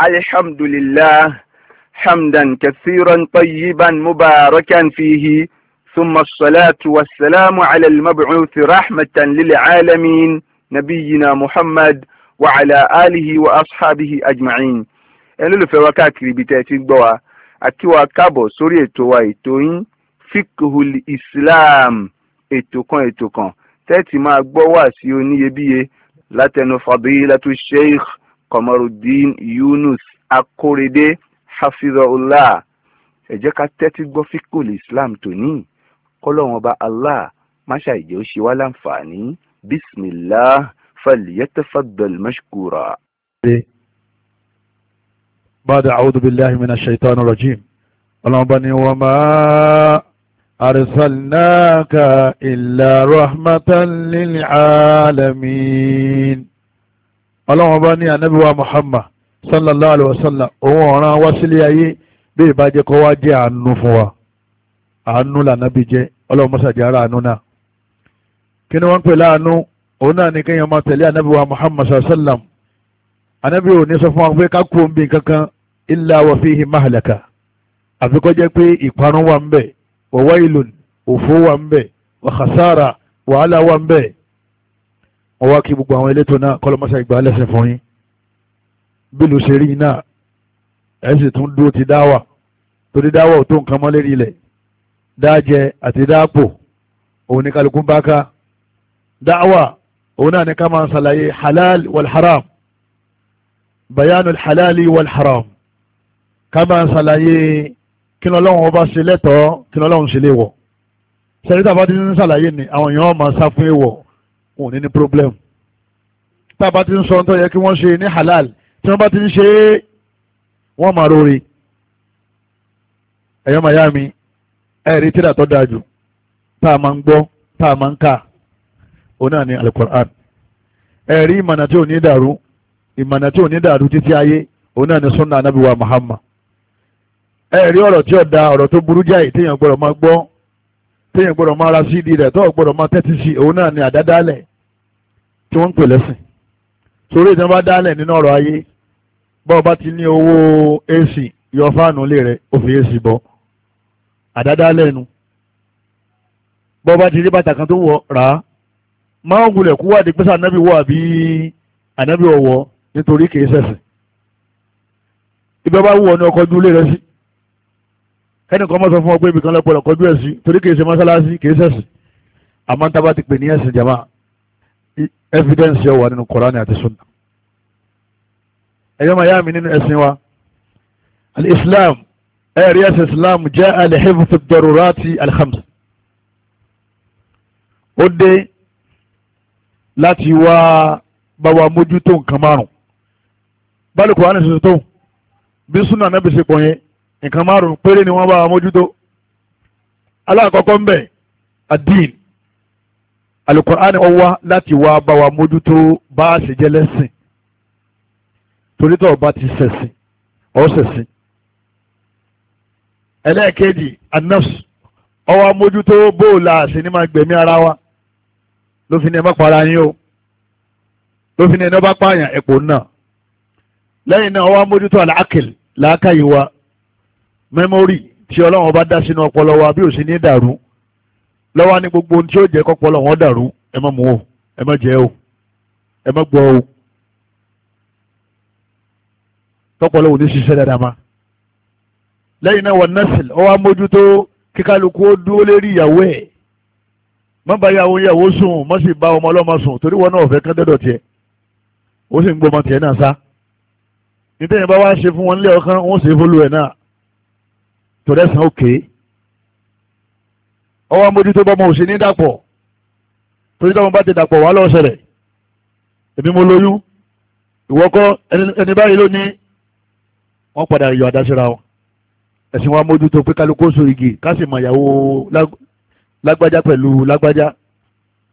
الحمد لله حمدا كثيرا طيبا مباركا فيه ثم الصلاة والسلام على المبعوث رحمة للعالمين نبينا محمد وعلى آله وأصحابه أجمعين ẹlẹ́lùfẹ́ wa káàkiri ibi tẹ́ ẹ ti gbọ́ wa àti wa káàbọ̀ sórí ètò wa ètò yín fikhul islam ètò kan ètò kan tẹ́ẹ̀tì máa gbọ́ wá sí oníyebíye látẹnu fadilatu Kọmọrùdín Yunus Akórèdé hafizahullah ẹ jẹ́ ká tẹ́tí gbọ́ fíkòl Islam tòní kọ́lọ́wọ́n ọba Allah máṣá ìjẹ́ ó ṣe wá láǹfààní bismillah falyatafaddal mashkura. بعد أعوذ بالله من الشيطان الرجيم اللهم بني وما أرسلناك إلا رحمة للعالمين ọlọ́wọ́n bá ní anábíwá muhammad sallallahu alayhi wa sallam òun ọ̀ràn wá sílé ayé bí ìbàjẹ́ kọ́ wá jẹ́ àánú fún wa àánú lànàbí jẹ́ ọlọ́wọ́n mọ́sàdì ara àánú náà kí ni wọ́n ń pè láàánú òun náà ní kéèyàn máa tẹ̀lé anábíwá muhammad sallallahu alayhi wa sallam anábí ò ní sọ fún wa pé ká kú omi kankan illa wà ń bẹ̀ wa wailun wọ́n wá kí gbogbo àwọn elétò náà kọ́lọ́mọ́sá ìgbà lẹ́sẹ̀ fún yín bílù ṣe rí náà ẹ̀ sì tún dúró ti dáwà torí dáwà ò tó nǹkan mọ́ lérí ilẹ̀ dájẹ àti dáàpò òun ni kálukú bá ká dáwà òun náà ni ká máa ṣàlàyé halal wal haram bayanul halali wal haram ká máa ṣàlàyé kí ni ọlọ́run ọba ṣe lẹ́tọ̀ọ́ kí ni ọlọ́run ṣe léwọ̀ ṣẹ̀rí tàbá ti ń ṣàlàyé ni àwọn èèyàn máa sá fún èèwọ̀ wọn ò ní ní problem tá a bá ti ń sọ tó yẹ kí wọ́n ṣe halal tí wọ́n bá ti ń ṣe é wọ́n máa rore ẹ̀yọ́ màyá mi ẹ̀rí tíra tó dáa jù tá a máa ń gbọ́ tá a máa ń kà ó náà alukur'an ẹ̀rí ìmọ̀nà tí ò ní dàrú ìmọ̀nà tí ò ní dàrú títí ayé ó náà sunna anabiwa muhammad ẹ̀rí ọ̀rọ̀ tí téèyàn gbọ́dọ̀ máa ra cd rẹ̀ tó gbọ́dọ̀ máa tẹ́tí sí òun náà ni àdádálẹ̀ tí wọ́n ń pè lẹ́sìn sórí ìtàn bá dálẹ̀ nínú ọ̀rọ̀ ayé bọ́ọ̀ bá ti ní owó ac yọ fáànù ilé rẹ̀ ó fi ac bọ́ àdádálẹ̀ nu bọ́ọ̀ bá ti rí bàtà kan tó wọ̀ rà á máa ń gulẹ̀ kú wádìí pé sànàbí wọ àbí ànàbí ọ̀wọ́ nítorí kìí ṣẹ̀sìn ibẹ̀ bá wù ọ ní ọkọ̀ ojú ilé rẹ̀ sí ẹnì kan mọ́ sọ fún ọ pé ibì kan lọ́pọ̀ lọ́kọ́jú ẹ̀ sí torí kìí ṣe mọ́sálásí kìí ṣẹ̀sì àmọ́ tá a bá ti pè ní ẹ̀sìn jama evidence yóò nínú Kùránì àti sunna ẹ̀yọ́ màyá nínú ẹ̀sìn wa al-Islam ẹ̀rí ẹ̀sìn Islam jẹ́ al-hifdh ad-darurati al-khams ó dé láti wá bá wa mójútó nǹkan márùn-ún bá lè Kùránì ṣe tó bí sunna náà bí ṣe pọ̀ yẹn nǹkan márùn péré ni wọ́n bá mójútó alákọ̀ọ́kọ́ ń bẹ̀ adin alukur'ani ọwá láti wá bá wa mójútó bá a ṣe jẹ́ lẹ́sìn torítọ̀ ọba ti ṣẹ̀sìn ọ̀ṣẹ̀sìn ẹlẹ́ẹ̀kejì anafs ọwá mójútó bóòlù àṣẹ ní máa gbẹ̀mí ara wa ló fi ní ẹ má para yín o ló fi ní ẹ ọba pààyàn ẹ̀pọ̀ náà lẹ́yìn náà ọwá mójútó alákìl làákàyè wa Memory tí ọlọ́run ọba dá sínú ọpọlọ wa bí ò sí ní dàrú lọ́wọ́ ní gbogbo ohun tí ó jẹ́ kọ́pọlọ wọn dàrú ẹ má mú o ẹ má jẹ o ẹ má gbọ́ o tọ́pọlọ ò ní ṣiṣẹ́ dáadáa ma lẹ́yìn náà wọ nọ́ọ̀sì ọ wá mójútó kíkálukú ó dúró lérí ìyàwó ẹ̀ má bá yàwó yàwó sùn má sì bá ọmọ ọlọ́mọ sùn torí wọn náà ọ̀fẹ́ kán dọ́dọ̀ tiẹ̀ ó sì ń gbọmọ tiẹ̀ náà sá nítorí bá wá ṣe fún wọn nílé ọkàn wọn ó ṣe fún ẹ̀ náà tòrẹ́sàn òkè ọwọ́ mójútó bọ́mọ òsì ní dàpọ̀ torí tọ́mọ bá ti dàpọ̀ wà lọ́sẹ̀ rẹ̀ èmi mo lóyún ìwọ́kọ́ ẹni báyìí ló ní wọ́n padà yọ àdáṣẹ́ra wọn ẹ̀sìn wa mójútó pé kálukú oṣù igi ká sì mọ ìyàwó lágbájá pẹ̀lú lágbájá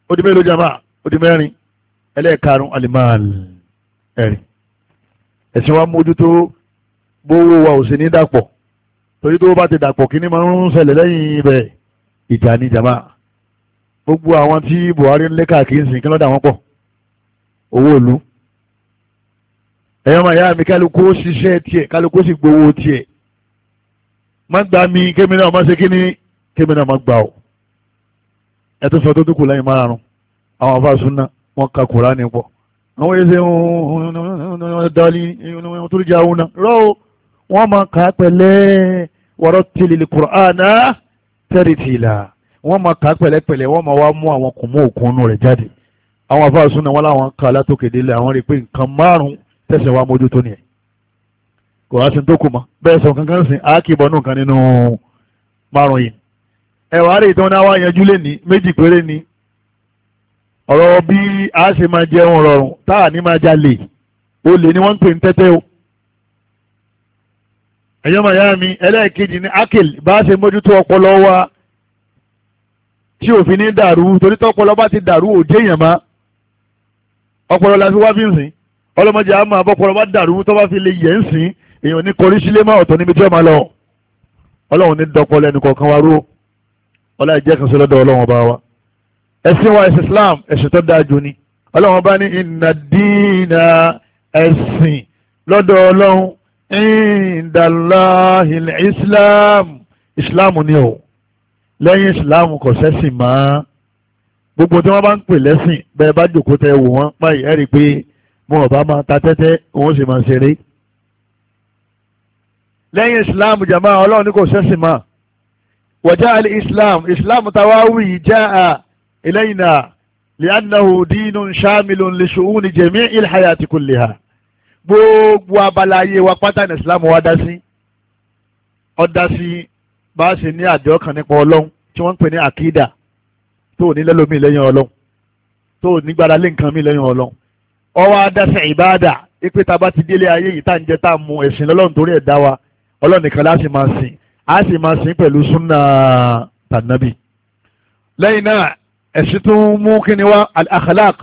ó di mélòó jama ó di mẹ́rin ẹlẹ́ẹ̀karùn-ún alimáàlì ẹ̀rìn ẹ̀sìn wa mójútó gbówó wa ò ní dàpọ̀ torí tó bá ti dàpọ̀ kí ni máa ń ṣẹlẹ̀ lẹ́yìn ibẹ̀ ìjà ni jàmá gbogbo àwọn tí Buhari ń lé káàkiri sìn kí lọ́dà wọn pọ̀ owó ìlú ẹ̀yọ́ máa yá mi kálukú ó ṣiṣẹ́ tiẹ̀ kálukú ó sì gbowó tiẹ̀ má gbà mí kémi náà má ṣe kí ni kémi náà má gbà ó ẹ tó sọ tó dúkù lẹ́yìn márùn àwọn afáàsùn náà wọ́n ka Kùránì pọ̀ àwọn ẹ̀ṣẹ̀ dọ́ọ̀lì tó jà òun náà rọ́ọ̀ wọ́n máa kà á pẹ̀lẹ́ warattilil Qur'ana tartila wọ́n máa kà á pẹ̀lẹ́pẹ̀lẹ́ wọ́n máa wá mú àwọn kò mú òkun inú rẹ̀ jáde àwọn afáàsùn náà wọ́n láwọn kà á látòkèdélé àwọn rí i pé nǹkan márùn-ún tẹ̀sẹ̀ wá mójútó nìyẹn kò wá sí tó kù mọ́ bẹ́ẹ̀ sọ kankan sìn á kì í bọ́nú kan nínú márùn-ún yìí ẹ̀wà rẹ̀ ìtàn náà wá yanjú lé ní méjì péré ni ọ̀rọ̀ bí a ṣe máa jẹun rọrùn táà ní máa jalè olè ni wọ́n ń pè ní tẹ́tẹ́ o ẹ̀yọ́ màyá mi ẹlẹ́ẹ̀kejì ní akil bá ṣe mójútó ọpọlọ wa tí òfin ní dàrú torí tọpọlọ bá ti dàrú òjé èèyàn má ọpọlọ la fi wá bí nsìn ọlọmọdé àmọ́ abọpọlọ bá dàrú tó bá fi lè yẹ nsìn èèyàn ní kọrí sílé má ọ̀tọ̀ níbi tí ọmọ lọ ọlọ́run ní dọpọlọ ẹnì kọ̀ọ̀kan wa ró ọlá ìjẹ́ kan sí lọ́dọ̀ ọlọ́run ọba wa ẹ̀sìn wa ẹ̀sìn Islam ẹ̀sìn tó dáa jù ni ọlọ́run ọba ní ìnàdínà ẹ̀sìn lọ́dọ̀ ọlọ́run indalahil islam islam ni o lẹ́yìn islam kò sẹ́sìn mọ́ gbogbo tí wọ́n bá ń pè lẹ́sìn bẹ́ẹ̀ bá jòkó tẹ wò wọ́n báyìí ẹ̀rí pé wọn ò bá máa ta tẹ́tẹ́ òun sì máa ṣeré lẹ́yìn islam jama ọlọ́run ní kò sẹ́sìn mọ́ wọ̀já àlè islam islam tawáwì já a eléyìí náà li'annahu dínú ṣáàmìlò lè ṣòwò ní jẹ̀mí ìlhàyà àti kùlìhà gbogbo abala ayé wa pátá ní Islam wa dá sí ọ dá sí bá a ṣe ní àjọ kan nípa Ọlọ́run tí wọ́n ń pè ní àkídà tó ò ní lẹ́lòmíì lẹ́yìn Ọlọ́run tó ò ní gbára lé nǹkan mi lẹ́yìn Ọlọ́run ọ wá dá sí ìbáàdà ipe tá a bá ti délé ayé yìí tá à ń jẹ tá a mu ẹ̀sìn lọ́lọ́run torí ẹ̀ dá wa Ọlọ́run nìkan láti máa sìn á sì máa sìn pẹ̀lú súnà tànàbì lẹ́yìn náà ẹ̀sìn tún mú kíni wá al-akhlaq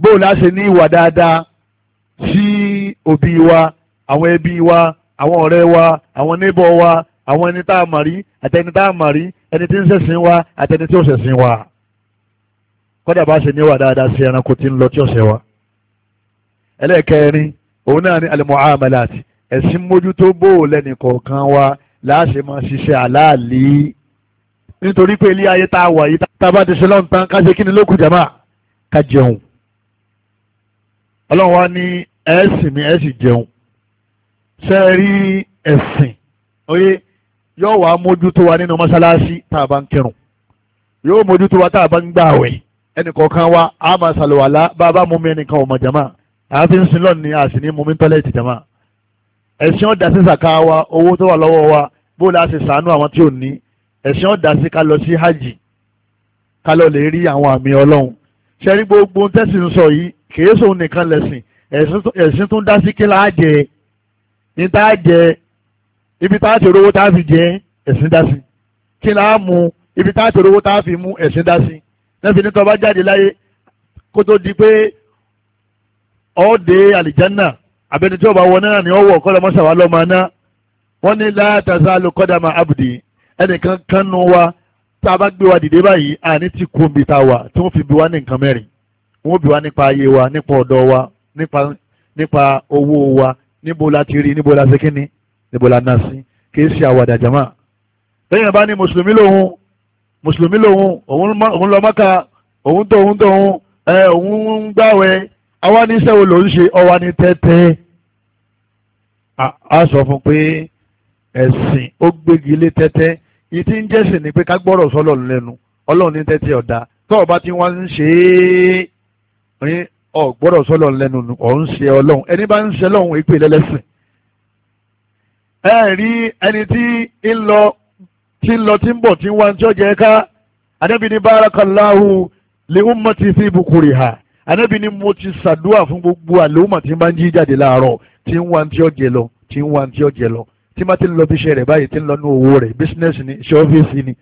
bóòlù á ní ìwà dáadáa sí òbí wa àwọn ẹbí wa àwọn ọ̀rẹ́ wa àwọn níbọ̀ wa àwọn ẹni tá a mà rí àtẹni tá a mà rí ẹni tí ń ṣẹ̀sìn wa àtẹni tí ó ṣẹ̀sìn wa kọ́dà bá ṣe níwà dáadáa sí ẹranko tí ń lọ tí ó ṣẹ̀ wa. ẹlẹ́ẹ̀kẹrin òun náà ni al-muamalat ẹ̀sìn mójútó bò lẹ́nì kọ̀ọ̀kan wa láàṣẹ máa ṣiṣẹ́ àláàlì nítorí pé ilé ayé tá a wà yìí tá a bá ti ṣe lọ́nà ká ṣe kí ni lókùjàmá ká jẹun ọlọ́run wa ní ẹ̀sìn mi ẹ̀sìn jẹun ṣe é rí ẹ̀sìn oyè yóò wá mójútó wa nínú mọ́ṣáláṣí tá a bá ń kírun yóò mójútó wa tá a bá ń gbààwẹ̀ ẹnìkọ̀ọ̀kan wa a máa ṣàlùwàlá bá a bá mú mi ẹnìkan ọmọ jama àáfin sin lọ́ọ̀ni àsìní mú mi tọ́lẹ̀tì jama ẹ̀sìn ọ̀dà sí sàká wa owó tó wà lọ́wọ́ wa bó la ṣe sàánú àwọn tí ò ní ẹ̀sìn ọ̀dà sí ká lọ sí hajj ká lọ lè rí àwọn àmì ọlọ́run ṣẹ́rí gbogbo tẹ́sí ń sọ yìí kìí sóun nìkan lẹ̀sìn ẹ̀sìn tó ń dá sí kí láá jẹ ní tá a jẹ ibi tá a ti rówó tá a fi jẹ ẹ̀sìn dá sí kí láá mu ibi tá a ti rówó tá a fi mu ẹ̀sìn dá sí lẹ́fìn ní tó bá jáde láyé kó tó di pé ọ̀ọ́dẹ àlìjánà abẹni tí ọba wọ náà ni ọ wọ kọlọmọ sàwà lọmọ aná wọn ní látàzá lukọdàmà abdi ẹnìkan kánú wa tá a bá gbé wa dìde báyìí àní ti kú omi tá a tí wọn fi bí wa ní nǹkan mẹ́rin wọ́n bí wa nípa ayé wa nípa ọ̀dọ́ wa nípa owó wa níbo la ti rí níbo la ṣe kíni níbo la ná sí kì í ṣe àwàdà jama lẹ́yìn bá ní mùsùlùmí lòun mùsùlùmí lòun òun lọ mọ́ka òun tó òun tó òun ẹ òun ń gbàwẹ̀ àwa ní sẹ́wọ̀n lòun ṣe ọwa ní tẹ́tẹ́ a sọ fún pé ẹ̀sìn ó gbégi lé tẹ́tẹ́ yìí tí ń jẹ́sìn ni pé ká gbọ́rọ̀ sọ́lọ̀ lẹ́nu ọlọ́run ní tẹ́tẹ́ ọ̀dà tọ́ọ̀ bá ti ń ṣe é ní ọ̀gbọ́dọ̀ sọ́lọ̀ lẹ́nu ọ̀hún ṣe ọlọ́run ẹni bá ń ṣe ọlọ́run ìpè lẹ́lẹ́sìn ẹ rí ẹni tí ń lọ tí ń lọ tí ń bọ̀ tí ń wá tí ó jẹ ká anábì ní barakallahu li ummati fi bukuriha anábì ní mo ti ṣàdúrà fún gbogbo àlòmọ̀ tí ń bá ń jí jáde láàárọ̀ tí ń wá tí ó lọ tí ń wá tí ó lọ tí má ti ń lọ bí iṣẹ́ rẹ̀ báyìí tí ń lọ ní owó rẹ̀ bísínẹ́sì ni iṣẹ́ ọ́fíìsì ni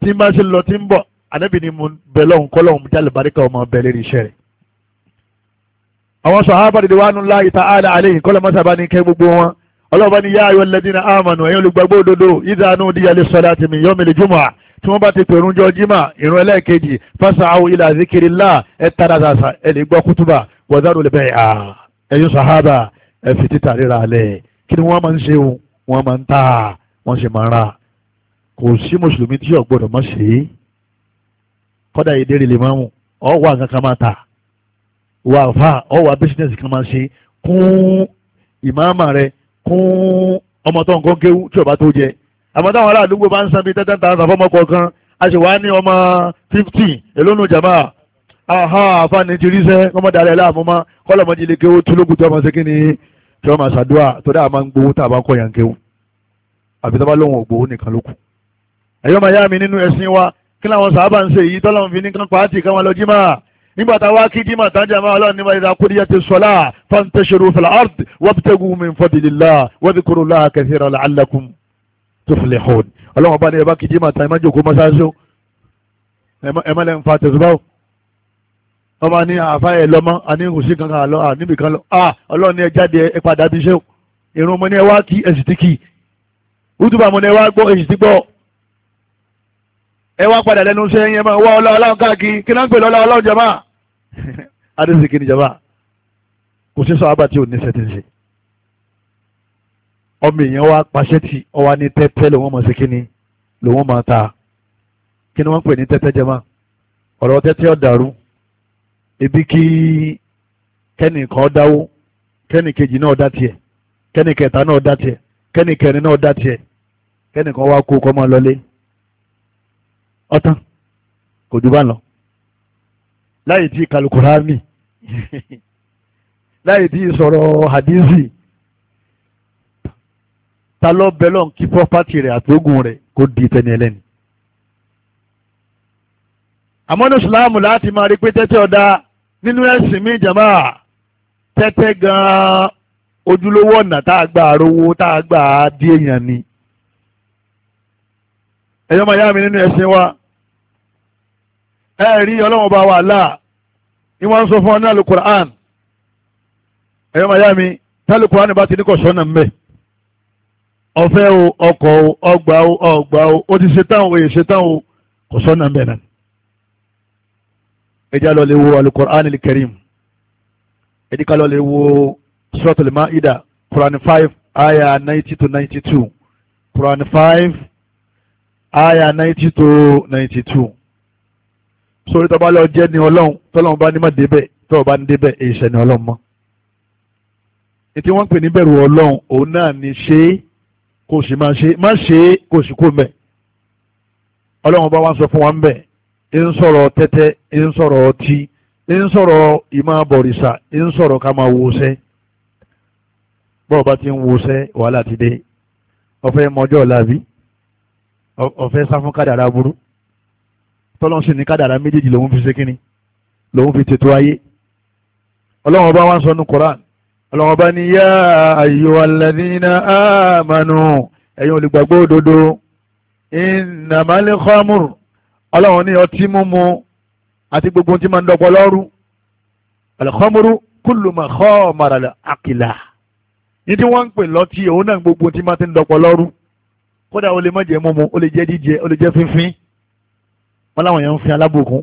tí má ti ń lọ tí ń bọ̀ anábì mo bẹ̀ lọ́hùn kọ́lọ́hùn jálè baríkà ọmọ bẹ̀ lérí iṣẹ́ rẹ̀ àwọn sàhábà dìde wà nùlá ìta àlà àlẹ́yìn kọ́lá mọ́sàbá ní kẹ́ gbogbo wọn ọlọ́ọ̀bá ní yáyọ lẹ́dínà àmànù ẹ̀yìn olùgbàgbọ́ òdodo ìdánù díyàlẹ̀ sọ́dá ti mi yọ́mìlì jùmọ̀ tí wọ́n bá ti pèrún jọ jímà ìrún ẹlẹ́ẹ̀kejì fása'u ila zikirillah ẹ tara sàṣà ẹ lè gbọ́ kútùbà wọ́dánù lè bẹ́ẹ̀ à ẹ̀yìn sàhábà ẹ fi títà ríra alẹ́ kí ni wọ́n máa ń ṣe wọ́n máa ń ta wọ́n sì máa ń ra kò sí mùsùlùmí tí ó gbọ́dọ̀ ṣe é kọ́dà ìdérè lè máa ń ọ wà kankan máa ta wà fà ọ wà bísínẹ́sì kan máa ṣe kún ìmáàmà rẹ kún ọmọ tó nǹkan kéwú tí ọba tó jẹ àmọ́ táwọn ará àdúgbò bá ń san bíi tẹ́tẹ́ tààrà fọmọ kọ̀ọ̀kan a sì wá ní ọmọ fifteen èlónú jàmá aha àfààní ti rí sẹ́ ọmọ dàrẹ́ láàmú mọ́ kọ́lọ̀ mọ́ jílé kéwú tí ológun tí ọmọ ṣe kíni tí ọmọ ṣàdúrà tó dáa máa ń gbowó tá a bá ń kọ́ yàn kéwú àbí tó bá lóun ògbówó nìkan ló kù ẹ̀yọ́ máa yá mi nínú ẹ̀sìn wa kí làwọn sàábà ń ṣe èyí tọ́lọ́run fi ní kan pàátì káwọn lọ jí máa nígbàtà wá kí dímà tájà máa ọlọ́run nígbà ìdá kúrìyà ti sọ́lá fantashiru fil ard wabtagu min fadlillah wa dhkurullaha kathira la'allakum tuflihun ọlọ́run bá ní ẹ̀bá kí dímà tájà máa jòkó mọ́sáṣó ẹ̀mọ́ lẹ́nu fa tẹ̀síbáwò ọmọ ní àfa ẹ̀ lọ́mọ́ àní òsì kankan àlọ́ níbi kan lọ ọlọ́run ní ẹ jáde ẹ padà bí iṣẹ́ irun mo ní ẹ wá kí ẹ sì ẹ wá padà lẹ́nu iṣẹ́ yẹn máa wá ọlá ọlọ́run káàkiri kí náà ń pè lọ́lá ọlọ́run jama adéṣèké ni jama kò sí sọ abàtí òní ṣẹ́tìṣe ọmọ èèyàn wá paṣẹ́ tì ọ ní tẹ́tẹ́ lòun máa ṣe kí ni lòun máa ta kí ni wọ́n pè ní tẹ́tẹ́ jama ọ̀rọ̀ tẹ́tẹ́ ọ̀dàrú ebi kí kẹ́nìkan dáwó kẹ́nìkejì náà dá tiẹ̀ kẹ́nìkẹta náà dá tiẹ̀ kẹ́nìkẹrin náà dá tiẹ̀ kẹ́nìkan wá kó kọ́ máa lọlé ọtán kò jù bá lọ láyé tí kalukurani láyé sọ̀rọ̀ hadizi ta lọ bẹ lọ́n kí pọ́pátì rẹ̀ àtógùn rẹ̀ kó di tẹni ẹlẹ́ni. àmọ́ ní sùlámù láti máa rí pé tẹ́tẹ́ ọ̀dà nínú ẹ̀sìn mi jàmáà tẹ́tẹ́ gan-an ojúlówó ọ̀nà tá a gbà rówó tá a gbà á di èèyàn ni. ẹ̀yọ́ máa yá mi nínú ẹ̀sìn wa ẹ rí ọlọ́wọ́n bá wà láà ni wọ́n ń sọ fún ọ ní alukur'an ẹ̀yọ́ máa yá mi talukur'an bá ti ní kọ̀ sọ́nà mbẹ́ ọ̀fẹ́ o ọkọ̀ o ọgbà o ọgbà o ó ti ṣetán o èyí ṣetán o kọ̀ sọ́nà mbẹ́ náà ẹjá lọ lè wo alukur'an al-karim ẹdíkà lọ lè wo suratul ma'ida quran five ayah ninety to ninety two quran five aya ninety to ninety two sórí tó bá lọ jẹ́ ni ọlọ́run tọ́lọ́run bá ní má débẹ̀ tọ́ọ̀ bá ní débẹ̀ èyíṣẹ́ ni ọlọ́run mọ́ ètí wọ́n ń pè ní bẹ̀rù ọlọ́run òun náà ni ṣe é kò sì máa ṣe má ṣe é kò sì kó mbẹ̀ ọlọ́run bá wá sọ fún wa ń bẹ̀ ẹ ń sọ̀rọ̀ tẹ́tẹ́ ẹ ń sọ̀rọ̀ ọtí ẹ ń sọ̀rọ̀ ìmọ̀ àbọ̀rìṣà ẹ ń sọ̀rọ̀ ká máa wọṣẹ́ bọ́ọ̀ bá ti ń wọṣẹ́ wàhálà ti dé ọ̀fẹ́ mọ́jọ́ làbí ọ̀fẹ́ sá fún kádàrá burú tọ́lọ́n sì ní kádàrá méjèèjì lòun fi ṣe kínní lòun fi tètò ayé ọlọ́run ọba wa ń sọ ní Koran ọlọ́run ọba ní yá ayyuhal ladhina amanu ẹ̀yin olùgbàgbọ́ òdodo innamal khamr ọlọ́run ní ọtí mímu àti gbogbo tí máa ń dọ́gbọ́ lọ́rù al-khamru kullu ma khamara al-aqila ní tí wọ́n ń pè lọ́tí òun náà gbogbo tí máa ti ń dọ́gbọ́ lọ́rù kódà o lè má jẹ mímu o lè jẹ jíjẹ o lè jẹ fínfín wọn làwọn yẹn ń fin alábòkun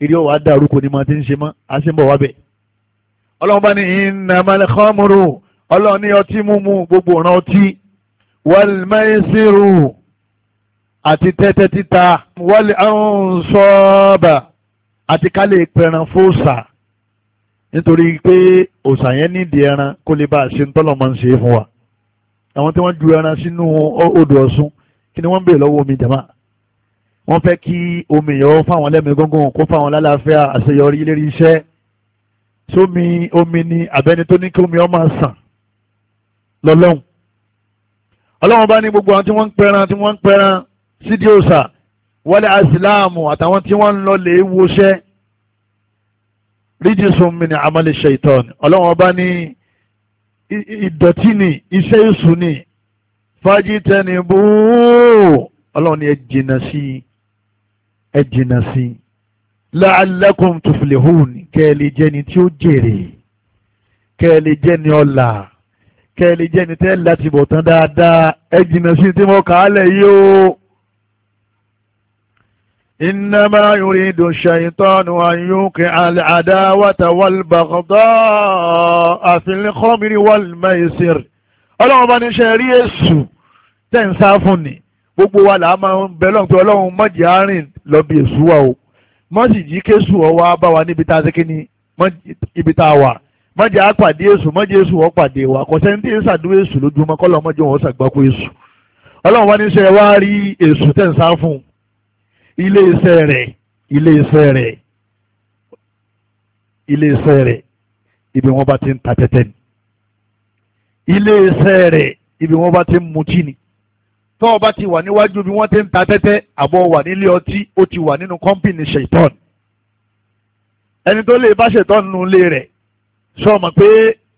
eré ọwọ adarú kò ní ma ti ń ṣe mọ à ń ṣe ń bọ wá bẹ ọlọ́run bá ní innamal khamru ọlọ́run ní ọtí mímu gbogbo ọ̀ràn ọtí wal àti tẹ́tẹ́ títa wal ansaba àti ká pẹran fóòsà nítorí pé òòsà yẹn nídìí ẹran kó lè bá a ṣe ń tọ́lọ̀ máa ń ṣe é fún wa àwọn tí wọ́n ju ẹran sínú odò ọ̀ṣun kí ni wọ́n ń bèèrè lọ́wọ́ omi jàmá wọ́n fẹ́ kí omi yọ fáwọn lẹ́mìí gángan kó fáwọn lálàáfíà àṣeyọrí lérí iṣẹ́ sómi omi ni àbẹ́ni tó ní kí omi ọmọ sàn lọ́lọ́hùn ọlọ́run bá ní gbogbo àwọn tí wọ́n ń pẹran tí wọ́n ń pẹran sídìí òòsà wọlé àsìláàmù àtàwọn tí wọ́n ń lọ lè wọṣẹ́ rídìí sunmi ni amálẹ̀ ṣe ìtọ́ni ọlọ́run bá ní ìdọ̀tí ni iṣẹ́ èṣù ni fajitanibu ọlọ́run ni ẹ jìnnà sí i ẹ jìnnà sí i la'allakum kẹ́ ẹ lè jẹ́ni tí ó jèrè kẹ́ ẹ lè jẹ́ni ọ̀la kẹ́ ẹ lè jẹ́ni tẹ́ láti bọ̀ tán dáadáa ẹ jìnnà sí tí mo kà á lẹ̀ yìí o. إنما يريد الشيطان أن يوقع العداوة والبغضاء في الخمر والميسر ọlọ́run bá ní ṣe rí èṣù tẹ̀ ń sá fún ni gbogbo wa là á máa ń bẹ lọ́nkẹ́ ọlọ́run mọ̀jì àárín lọ́bi èṣù wa o mọ̀jì jí kéṣù ọwọ́ bá wa níbi tá a ṣe kí ni ibi tá a wà mọ̀jì á pàdé èṣù mọ̀jì èṣù wọ́n pàdé wa kò sẹ́ni tí ń ṣàdúró èṣù lójúmọ́ kọ́lọ́ mọ̀jì wọn ṣàgbákò èṣù ọlọ́run bá ní ṣe wá rí èṣù tẹ̀ ń sá fún un ilé iṣẹ́ rẹ̀ ilé iṣẹ́ rẹ̀ ilé iṣẹ́ rẹ̀ ibi wọ́n bá ti ń ta tẹ́tẹ́ ni ilé iṣẹ́ rẹ̀ ibi wọ́n bá ti ń mutí ni tọ́ ọba ti wà níwájú bí wọ́n ti ń ta tẹ́tẹ́ àbọ̀ wà nílé ọtí ó ti wà nínú kọ́ńpìnì ṣètọ́n ẹni tó lè bá ṣètọ́n nínú ilé rẹ̀ sọ̀mọ̀ pé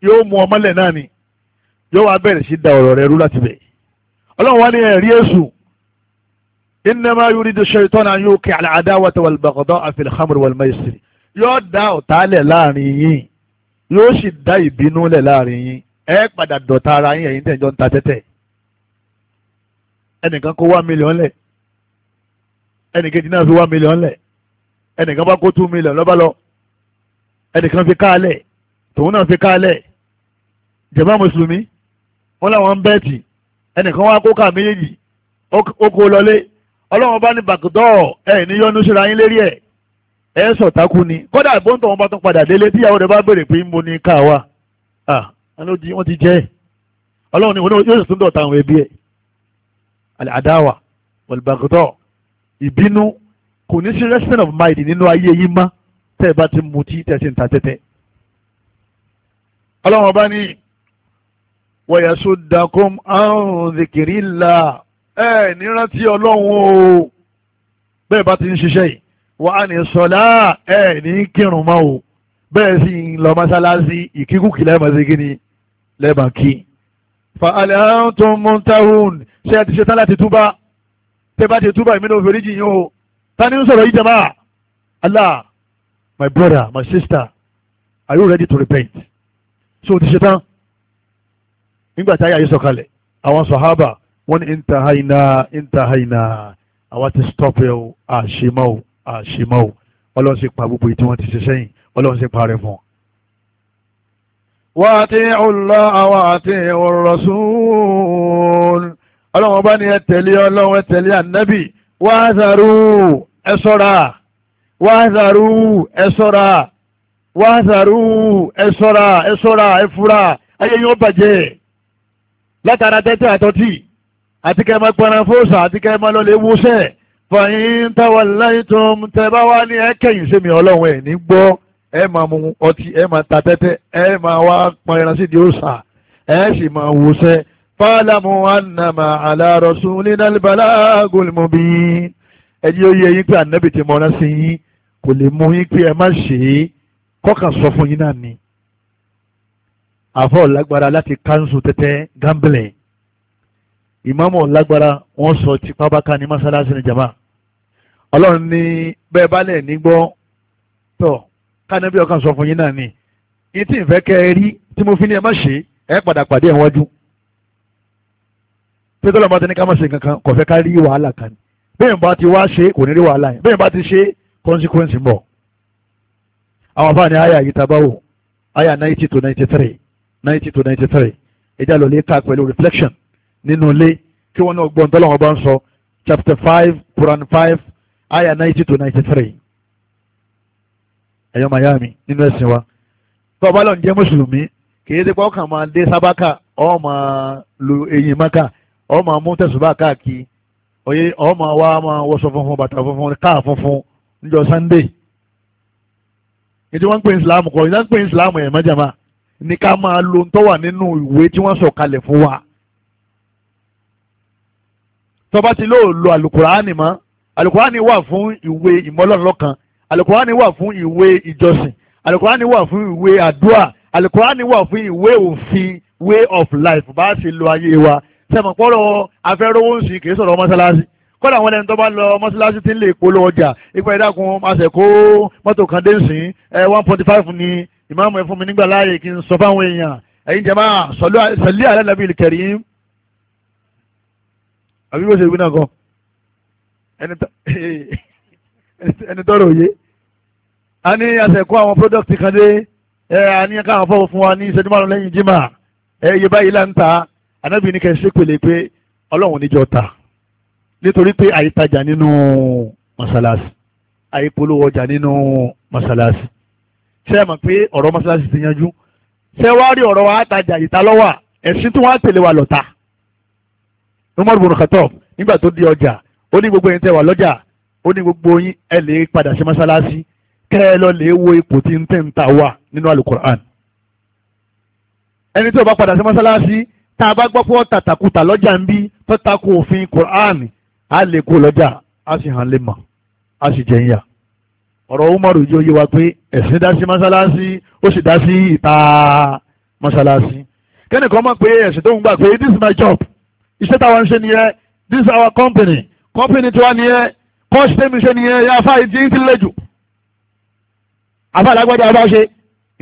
yóò mú ọmọlẹ̀ náà ni yóò wá bẹ̀rẹ̀ sí da ọ̀rọ̀ rẹ̀ rú láti bẹ̀ ọlọ́run wá ní ẹ̀rí èṣù إنما يريد الشيطان أن yuqi'a al-adawata wal-baghda'a fil khamr wal-maysir yóò dá ọ̀tálẹ̀ láàrin yín yóò sì dá ìbínú lẹ̀ láàrin yín ẹ padà dọ̀tá ara yín ẹ̀yin tẹ̀jọ́ ń ta tẹ́tẹ́ ẹnìkan kó wá mílíọ̀n lẹ̀ ẹnìkejì náà fi wá mílíọ̀n lẹ̀ ẹnìkan bá kó tú mílíọ̀n lọ́ba lọ ẹnìkan fi káàlẹ̀ tòun náà fi káàlẹ̀ jàmá mùsùlùmí wọn làwọn ń bẹ́ẹ̀tì ẹnìkan wá kó káà méjèèjì ó kó lọlé ọlọ́run bá ní bàgùdọ́ ẹ̀ ní yọnu síra yín lérí ẹ̀ ẹ̀ sọ̀tákù ni kódà bóńtọ̀ wọn bá tún padà délé tíyàwó rẹ̀ bá béèrè pé mo ní ká wa wọ́n ti jẹ́ ẹ̀ ọlọ́run ni wọn yóò sì tún dọ̀ta àwọn ẹbí ẹ̀ àdáwà wọ̀lbàgùdọ́ ìbínú kò ní sí resident of mind nínú ayé yín má tẹ́ ẹ bá ti mutí tẹ́ ẹ sì ń ta tẹ́tẹ́ ọlọ́run bá ní wọ̀yẹ̀sùn dàkún àrùn zikiri la ẹ ní rántí ọlọ́run o bẹ́ẹ̀ bá ti ń ṣiṣẹ́ yìí wà á ní sọlá ẹ ní kírun mọ́ o bẹ́ẹ̀ sì ń lọ mọ́sálásí ìkíkùkì lẹ́ẹ̀mọ́sí kí ni lẹ́ẹ̀mọ́ kí. fàálẹ̀ tó ń mú táwọn ṣé ẹ ti ṣe tán láti túbà tẹ́ bá ti túbà ìmínú òfìríjì yín o ta ni ń sọ̀rọ̀ yìí jama Allah my brother my sister are you ready to repent so ti ṣe tán nígbà táyà yìí sọ̀kalẹ̀ àwọn sọ̀hábà wani ní intahaina intahaina àwa ti stop a ah, shimau àṣemọ́ o àṣemọ́ ah, o ọlọ́run sì pa gbogbo èyí tí wọ́n ti ṣe sẹ́yìn ọlọ́run sì parẹ́ fún wọn. واتيعوا الله واتيعوا الرسول ọlọ́run bá ní ẹ tẹ̀lé ọlọ́run tẹ̀lé ànábì ẹ ẹ ẹ ẹ ẹ fura ayé yóò bàjẹ́ látara tẹ́tẹ́ àtọ́tì. àti kẹ́ ẹ máa pẹran fóòsà àti kẹ́ ẹ máa lọ lè wúṣẹ́ fàyín táwa láyé tó ń tẹ bá wá ní ẹkẹyìn sẹmi Ọlọ́run ẹ ní gbọ́ ẹ máa mu ọtí ẹ máa ta tẹ́tẹ́ ẹ máa wá pẹran sí di òòsà ẹ sì máa wúṣẹ́ fàlámù ànàmà àlàrọ̀sùn nínàlìbàlà gòlìmọ̀bí ẹjí ó yẹ yín pé ànábì ti mọ̀ọ́ná sí yín kò lè mú yín pé ẹ má ṣe é kọ́kàn sọ fún yín náà ni àfọ̀ lágbára láti kánṣu tẹ́tẹ́ gambling ìmáàmù lágbára wọ́n sọ tipa báka ní mọ́sálásí ní jama ọlọ́run ní bẹ́ẹ̀ balẹ̀ nígbọ́ tọ̀ kánẹ́bí ọkàn sọ fún yín náà ni yín tí ń fẹ́ kẹ́ ẹ rí tí mo fi ní ẹ má ṣe ẹ padà pàdé ẹ̀ wájú pé tọ́lọ́mọ ti ní ká má ṣe kankan kò fẹ́ ká rí wàhálà kan bẹ́ẹ̀ bá ti wá ṣe kò ní rí wàhálà yẹn bẹ́ẹ̀ bá ti ṣe consequence ń bọ̀ àwọn afáàní àyà yìí tabawo àyà ninety to ninety three ninety to ninety three ìjà lọ lè ká pẹ̀lú reflection nínú ilé kí wọ́n náà gbọ́ ní tọ́lọ́wọ́n bá ń sọ chapter five quran five ayah ninety to ninety three ẹ̀yọ́ miami nínú ẹ̀sìn wa tó o bá lọ ń jẹ́ mùsùlùmí kìí ṣe pé ọkàn máa dé sábàkà ọ máa lu eyín maka ọ máa mú tẹ̀sùbà káàkiri oye ọ máa wá máa wọṣọ funfun bàtà funfun káà funfun níjọ́ sunday ètò wọn ń pè islam kọ ìdájọ́ pé islam ẹ̀ mọ́jàmá ní ká máa lo ń tọ́wà nínú ìwé tí wọ́n sọ kalẹ̀ fún wa tọba ti lóò lo alukurani mọ́ alukurani wà fún ìwé ìmọlọ́nlọ́kan alukurani wà fún ìwé ìjọsìn alukurani wà fún ìwé adua, alukurani wà fún ìwé òfin way of life bá a ṣe lo ayé wa sẹ́mi pọ́rọ̀ afẹ́rówó ń sìn kì í sọ̀rọ̀ mọ́sálásí kọ́dà àwọn ẹni tó bá lọ mọ́sálásí tí ń lè polówó ọjà ipa ìdákun máṣe kó mọ́tò kan dé sìn ẹ one forty five ni ìmáàmù ẹ fún mi nígbà láàyè kí n sọ fáwọn èèyàn ẹ̀yin jẹ́ máa sọ̀lú àlẹ́ nàbí kẹrin àbí bó ṣe wí náà gan ẹni tọrọ òye a ní àṣẹkọ àwọn product kan dé ẹ a ní káwọn fọwọ́ fún wa ní ìṣẹ́jú márùn lẹ́yìn jimá ẹ iye báyìí là ń ta anábì ní kẹ́ ṣe pèlè pé ọlọ́run níjọ ta nítorí pé àìtajà nínú mọ́ṣáláṣí àìpolówó ọjà nínú mọ́ṣáláṣí ṣé ẹ mọ̀ pé ọ̀rọ̀ mọ́ṣáláṣí ti yanjú ṣé wàá rí ọ̀rọ̀ wa àtajà ìta ẹ̀sìn tí wọ́n á tẹ̀lé wa lọ́ta. Umar bin Khattab nígbà tó di ọjà ó ní gbogbo yín tẹ́ wà lọ́jà ó ní gbogbo yín ẹ lè padà sí mọ́sálásí kẹ́ ẹ lọ lè wo ipò tí ń tẹ̀ ń ta wà nínú alukur'an ẹni tí bá padà sí mọ́sálásí tá a bá gbọ́ pé ọ̀tà takuta lọ́jà ń bí tó takò òfin kur'an á lè kó lọ́jà á sì hàn lè mọ̀ á sì jẹ́ ń yà ọ̀rọ̀ Umaru yóò yé wa pé ẹ̀sìn dá sí mọ́sálásí ó sì dá sí ìta mọ́sálásí kẹ́nìkan mọ̀ pé ẹ̀sìn tó ń gbà pé this is my job iṣẹ́ táwọn ń ṣe nìyẹn this is our company company tiwa nìyẹn kọ́ọ̀ṣì tẹ́mi ṣe nìyẹn ya afá ìdí ń ti lẹ́jù afá alágbádá abá ṣe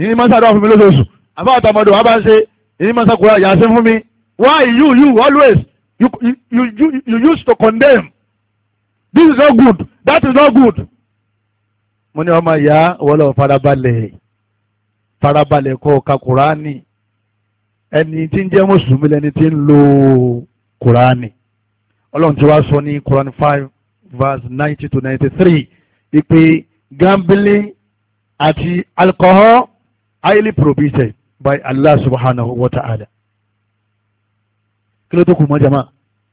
ìyìn máa ń sàdọ́ fún mi lóṣooṣù afá àtàmọ́dọ̀ abá ṣe ìyìn máa ń sàkóra yà sí fún mi why you you always you, you, you, you used to condemn this is not good that is not good mo ní ọmọ ìyá wọlé farabalẹ̀ farabalẹ̀ kọ́ ka Kùránì ẹni tí ń jẹ́ mùsùlùmí lẹni tí ń lo kùránì ọlọ́run ti wá sọ ní Quran 5 verse ninety to ninety three ìpè gambling àti alcohol highly prohibited by Allah subhanahu wa ta'ala kí ló tó kù mọ́ jama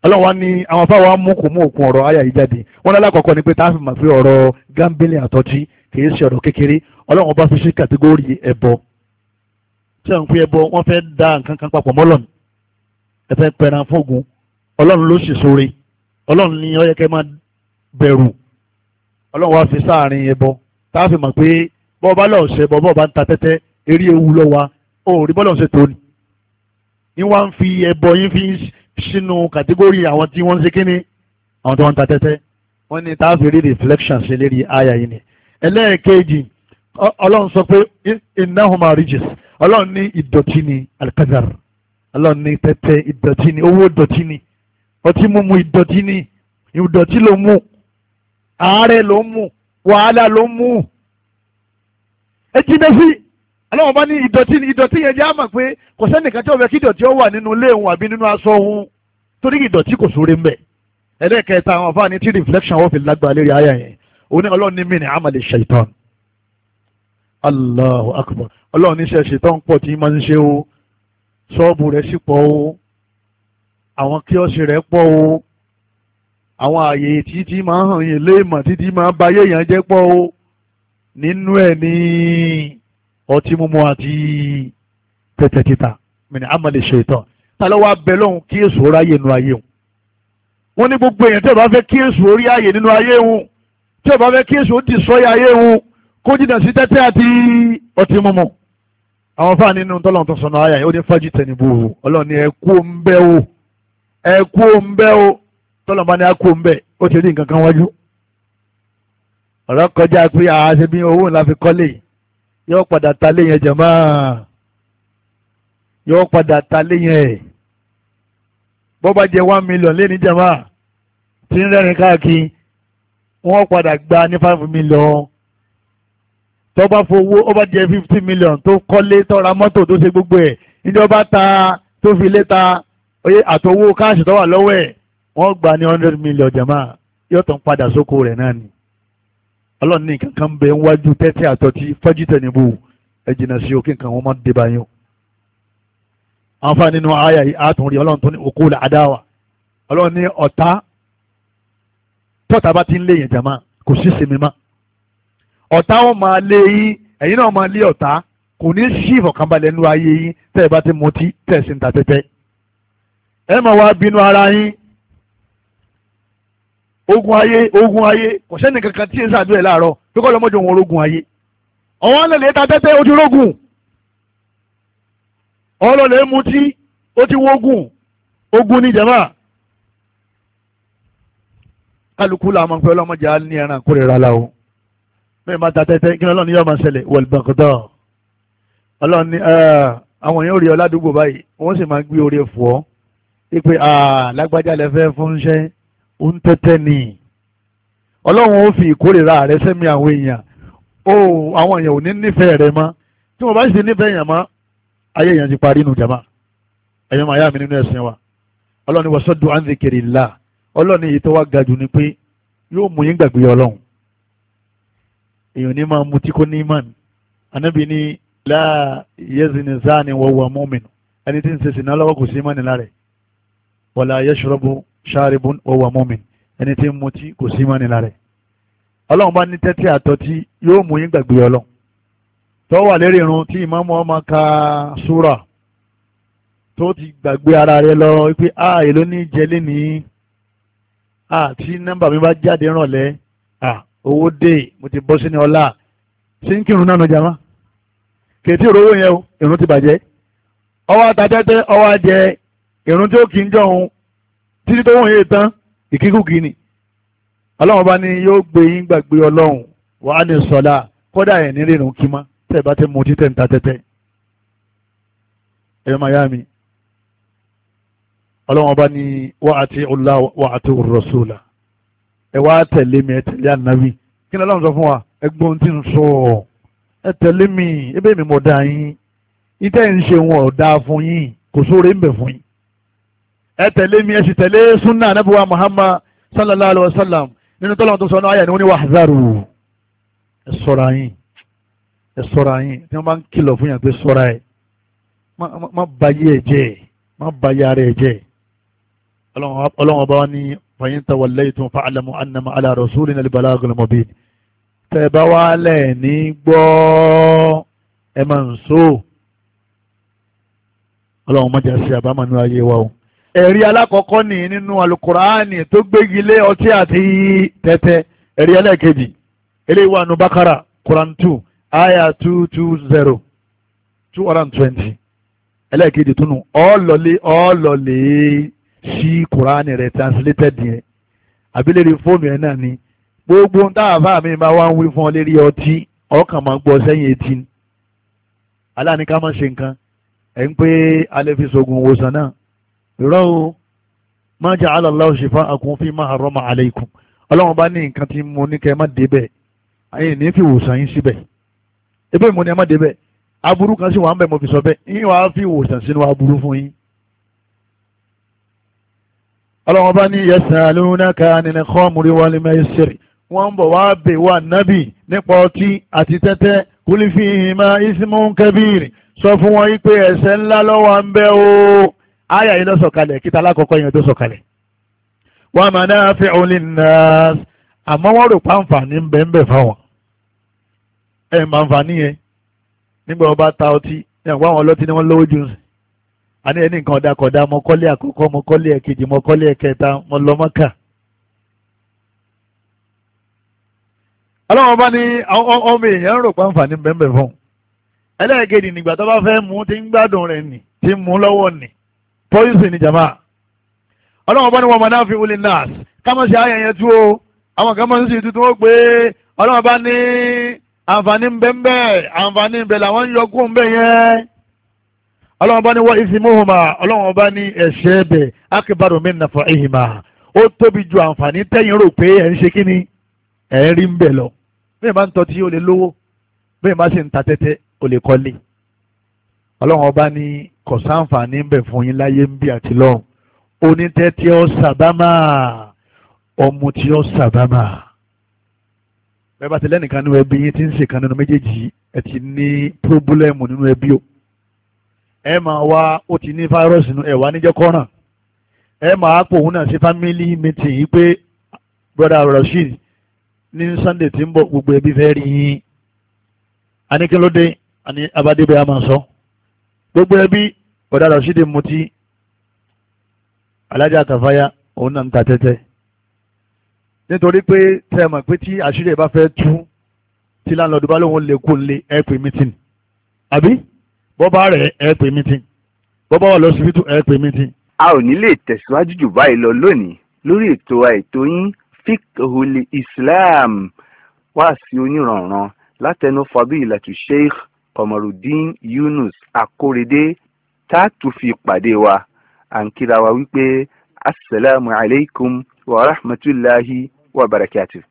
ọlọ́run wa àwọn mú òkun ọ̀rọ̀ ayà yìí jáde wọn ní ni pé tá a fi mọ̀ pé ọ̀rọ̀ gambling àtọ́tí kìí ṣe ọ̀rọ̀ kékeré ọlọ́run bá fi ṣe kàtégórì ẹ̀bọ da nǹkan kan ẹ pẹran ọlọ́run ló sì sóore ọlọ́run ní ó yẹ kẹ́ máa bẹ̀rù ọlọ́run wá fi sáàrin ẹbọ tá a fi mọ̀ pé bọ́ọ̀ bá lọ́ọ̀ ṣe bọ́ bọ́ọ̀ bá ń ta tẹ́tẹ́ eré ewu lọ wa ó rí bọ́ọ̀lù ṣe tó ni ní wá ń fi ẹbọ yín fi sínú kàtígórì àwọn tí wọ́n ń ṣe kínní àwọn tí wọ́n ń ta tẹ́tẹ́ wọ́n ní tá fi rí reflection ṣe lérí àyà yìí ni ẹlẹ́ẹ̀kejì ọlọ́run sọ pé innahuma rijis ọlọ́run ní ìdọ̀tí ni alkazar ọlọ́run ní tẹ́tẹ́ ìdọ̀tí ni owó ìdọ̀tí ni ọtí mímu ìdọ̀tí ni ìdọ̀tí ló mú àárẹ̀ ló mú wàhálà ló mú ẹ jìnnà sí aláwọ̀ bá ní ìdọ̀tí ni ìdọ̀tí yẹn jẹ́ àmọ̀ pé kò sẹ́nìkan tí ó fẹ́ kí ìdọ̀tí ó wà nínú ilé òun àbí nínú aṣọ òun torí ìdọ̀tí kò sóore ń bẹ̀ ẹlẹ́ẹ̀kẹta àwọn àfáà ní tí reflection wọ́n fi lágbára lérí ayà yẹn oní ní mí ní àmàlẹ̀ ṣèitán Allahu akbar ọlọ́run ní sẹ́ ṣèitán pọ̀ tí máa ń ṣe o ṣọ́ọ̀bù rẹ̀ sì pọ̀ o àwọn kí ọ̀sẹ̀ rẹ̀ pọ̀ o àwọn àyè títí máa hàn yín léèmọ̀ títí máa báyé yẹn jẹ́ pọ̀ o nínú ẹ̀ ní ọtí mímu àti tẹ̀tẹ̀ títà mìíràn àmàlẹ̀ ṣètò ta ló wá bẹ lọ́hùn kí èso ráyè nínú ayé òun wọ́n ní gbogbo èèyàn tí ò bá fẹ́ kí èso orí ààyè nínú ayé òun tí ò bá fẹ́ kí èso dì sọ́yà ayé òun kó jìnnà sí tẹ́tẹ́ àti ọtí mímu àwọn fáà nínú tọ́lọ́n ayà yìí ó ní fájì tẹ̀nìbù ọlọ́ọ̀ni ẹ ń bẹ́ o ẹ kú òǹbẹ́ o tọ́lọ̀mọ́ ni a kú òǹbẹ́ ó ti rí nǹkan kan wájú ọ̀rọ̀ kọjá pé àṣẹ bí owó ńlá fi kọ́lé yóò padà ta lé yẹn jẹ̀mọ́ yóò padà ta lé yẹn bó bá jẹ one million lé ní jẹ̀mọ́ tí ń rẹ́rìn káàkiri wọ́n padà gba ní five million tó bá fowó ó bá jẹ fifty million tó kọ́lé tó ra mọ́tò tó ṣe gbogbo ẹ̀ níjọba ta tó fi lé ta oye àtọwó káàṣì tó wà lọ́wọ́ ẹ̀ wọ́n gba ní hundred million jama yóò tán padà sóko rẹ̀ náà ni ọlọ́run ní nǹkan kan bẹ níwájú tẹ́tí àtọ́tí fọ́jútẹ̀ níbù ẹ jìnnà sí òkè nǹkan wọn máa ń dé báyìí o àǹfààní nínú àyà yìí àtúnrí ọlọ́run tó ní òkú là àdáwà ọlọ́run ní ọ̀tá tọ́ta bá ti ń lé jama kò sí sinmi mọ́ ọ̀tá wọn máa lé yín ẹ̀yin náà máa lé ọ̀tá kò ní sí ìfọ̀kànbalẹ̀ nínú ayé yín tẹ́ ẹ bá ti mutí tẹ́ ẹ sì ń ta tẹ́tẹ́ ẹ máa wá bínú ara yín ogun ayé ogun ayé kò sẹ́ni kankan tí ẹ ṣàdúrà láàárọ̀ tó kọ́ lọ́mọdé òun orógun ayé ọ̀wọ́n ọlọ́lẹ̀ ta tẹ́tẹ́ ó ti rógùn ọlọ́lẹ̀ mutí ó ti wógùn ogun ní jẹ̀má kálukú la máa ń pẹ́ ọlọ́mọdé á ní ẹran kórìíra la o bẹ́ẹ̀ máa ta tẹ́tẹ́ kí ọlọ́run yóò máa ṣẹlẹ̀ wọ̀lbọ̀kọ̀tọ̀ ọlọ́run àwọn yóò rí ọ ládùúgbò báyìí wọ́n sì máa gbé oore fún ipe lágbájá lẹ fẹ́ fúnṣẹ́ ń tẹ́tẹ́ ni ọlọ́run ó fi ìkórìíra rẹ sẹ́mi àwọn èèyàn ó àwọn èèyàn ò ní nífẹ̀ẹ́ rẹ mọ́ tí wọ́n bá sì nífẹ̀ẹ́ èèyàn mọ́ ayé èèyàn ti parí nù jàmá ẹ̀yọ́ màá yá mi nínú ẹ̀sìn wa ọlọ́run wọ́n sọ́dún anzikiri ńlá ọlọ́run èyí tó wá ga jù ni pé yóò mú yín gbàgbé ọlọ́run èèyàn ní máa mutí kó ní imán anábì ní láà yẹ́sìn ní sáà ni wọ́n wà mọ́mìn ẹni tí ń ṣe sìnà wala yashrabu sharibun wa huwa mu'min ẹni tí ń mutí kò sí mọ́ nílá rẹ̀ ọlọ́run bá ní tẹ́tí àtọ́tí yóò mú yín gbàgbé ọlọ́run tó wà lérí irun tí ìmáàmù ọmọ ka súrà tó ti gbàgbé ara rẹ̀ lọ wípé a èló ní jẹlé ní a tí nọ́mbà mi bá jáde rànlẹ́ a owó dé mo ti bọ́ sínú ọlá sí ń kírun náà nọjà kètí ìrówó yẹn o ìrún ti bàjẹ́ ọwọ́ àtàtẹ́tẹ́ ọwọ́ àjẹ ìrun tí ó kì í jọ òun títí tó wọ̀nyí tán ìkíkùkì ni ọlọ́run bá ní yóò gbé yín gbàgbé ọlọ́run wàá ní sọlá kódà ẹ̀ nírìnrún kí má tẹ̀ bá ti mu títẹ̀ níta tẹ́tẹ́ ẹ̀yọ́ mayami ọlọ́run ọba ní wà àti ọlá wà àti rọ̀ṣọ́là ẹ wá tẹ̀lé mi ẹ tẹ̀lé ànábì kí ni ọlọ́run sọ fún wa ẹgbọ́n tí ń sọ ẹ tẹ̀lé mi ebe mi mọ̀ dá yín ìtẹ́ ń ṣe wọn ọ̀ fún yín kò sóore ń bẹ̀ fún yín ẹ tẹ̀lé mi ẹ sì tẹ̀lé sunna anabiwa muhammad sallallahu alayhi wa sallam nínú tọ́lọ̀ tó sọ náà ayà ni wọ́n ní wàhálàrù ẹ sọ́ra yín ẹ sọ́ra yín tí wọ́n bá ń kìlọ̀ fún yàn pé sọ́ra ẹ má bayé ẹ jẹ́ má bayé ara ẹ jẹ́ ọlọ́run ọba wa ní fàyín tawàlẹ́ ìtún fa'alamu annama ala rasulina al-balagul mubin tẹ́ bá wá lẹ̀ ní gbọ́ ẹ máa ń so ọlọ́run má jẹ́ sí àbámanú ayé wa o. ẹ̀rí alákọ̀ọ́kọ́ ní nínú alukuraani tó gbégi lé ọtí àti tẹ́tẹ́ ẹ̀rí ẹlẹ́ẹ̀kejì nù bákàrà quran two aya two two zero two hundred and twenty ẹlẹ́ẹ̀kejì sí rẹ̀ translated yẹn àbílẹ̀rẹ̀ fóònù ẹ̀ náà ni gbogbo ń táàfà mi máa wá ń wí fún ọ lérí ọtí ọkàn máa gbọ́ sẹ́yìn etí aláàní ká ṣe nǹkan ẹ̀ ń pé alẹ́ rọ́ o ma ja'ala Allahu shifa'akum fi ma harrama alaykum ọlọ́run bá ní nǹkan tí mo ní kẹ́ ẹ má débẹ̀ ayé ní fi wòsàn yín síbẹ̀ ebe mo ní ẹ má débẹ̀ aburú kan sì wà ń bẹ̀ mo fi sọ bẹ́ẹ̀ yín wàá fi wòsàn sínú aburú fún yín. ọlọ́run bá ní yas'alunaka anil khamri wal maisiri wọ́n ń bọ̀ wá bè wá nábì nípa ọtí àti tẹ́tẹ́ kúlífì ìhìnmá ismun kabiri sọ fún wọn yí pé ẹ̀ṣẹ̀ ńlá ló wà ń bẹ o. Aya yìí lọ sọkalẹ̀, kíta alákọ̀ọ́kọ́ yẹn tó sọ̀kalẹ̀. wa àmọ́ wọ́n rò pàǹfààní ń bẹ ń bẹ fáwọn. ẹ̀ yẹn nígbà wọn bá ta ọtí ní àwọn àwọn ọlọ́tí ni wọ́n lówó jù a ní ẹni nǹkan ọ̀dàkọ̀dà mọ́kọ́lé àkọ́kọ́ mọ́kọ́lé ẹ̀kejì mọ́kọ́lé ẹ̀kẹta mọ́lọ́mọ́kà. ọlọ́wọ́n bá ní poison ni jama ọlọ́wọ́n bá ní wọn mọ̀nà fi wuli nas kámọ́ sí ayẹyẹ tú o àwọn kan máa ń sì tuntun ó pé ọlọ́wọ́n bá ní àǹfààní ń bẹ ń bẹ àǹfààní ń bẹ làwọn ń yọ ń bẹ yẹn ọlọ́wọ́n bá ní wọ́n ìsìmóhùnmá ọlọ́wọ́n bá ní ẹ̀ṣẹ́ bẹ̀ akébàdàn mi nàfọ̀ ìhìnmá ó tóbi ju àǹfààní tẹ́yìn rò pé ẹ̀ ń ṣe kíni ẹ̀ ń rí ń bẹ̀ lọ bẹ́ẹ̀ máa ń tọ́ ó lè lówó bẹ́ẹ̀ máa sì ń ta tẹ́tẹ́ ó lè kọ́lé ọlọ́run ọba ní kọ̀sánfààní ń bẹ̀ fún yín láyé ń bí àti lọ́run onítẹ́tí ọ sàbámà ọmú tí ọ sàbámà bẹ́ẹ̀ bá ti lẹ́nìkan nínú ẹbí yín tí ń ṣèkan nínú méjèèjì ẹ ti ní pírọ́búlẹ́mù nínú ẹbí o ẹ máa wá ó ti ní fáírọ́ọ̀sì nínú ẹ̀wá níjẹ́ kọ́ràn ẹ máa pò òun náà sí fámílì mítìn yìí pé brother Rasheed ní Sunday tí ń bọ̀ gbogbo ẹbí fẹ́ rí yín a ní kí ló dé a ní abádébẹ́ a máa sọ. So gbogbo ẹbí ọ̀dà rasidi mutí alájà tàfáyà òun náà ń ta tẹ́tẹ́ nítorí pé tẹ́ ẹ mọ̀ pé tí àṣírí ẹ̀ bá fẹ́ tú tí láńlọ́ọ̀dù bá lóun lè kó lé ẹ pè mítìn àbí bọ́bá rẹ̀ ẹ pè mítìn bọ́bá wà lọ́sibítù ẹ mítìn. a ò ní lè tẹ̀síwájú jù báyìí lọ lónìí lórí ètò àìtó yín fikhul islam wá sí onírànran látẹnu fàbí ìlàtú sheikh Kọmọrùdín Yunus Akórèdé tá a tún fi pàdé wa à ń kíra wa wípé asalaamualeykum wa rahmatulahi wa barakatuh.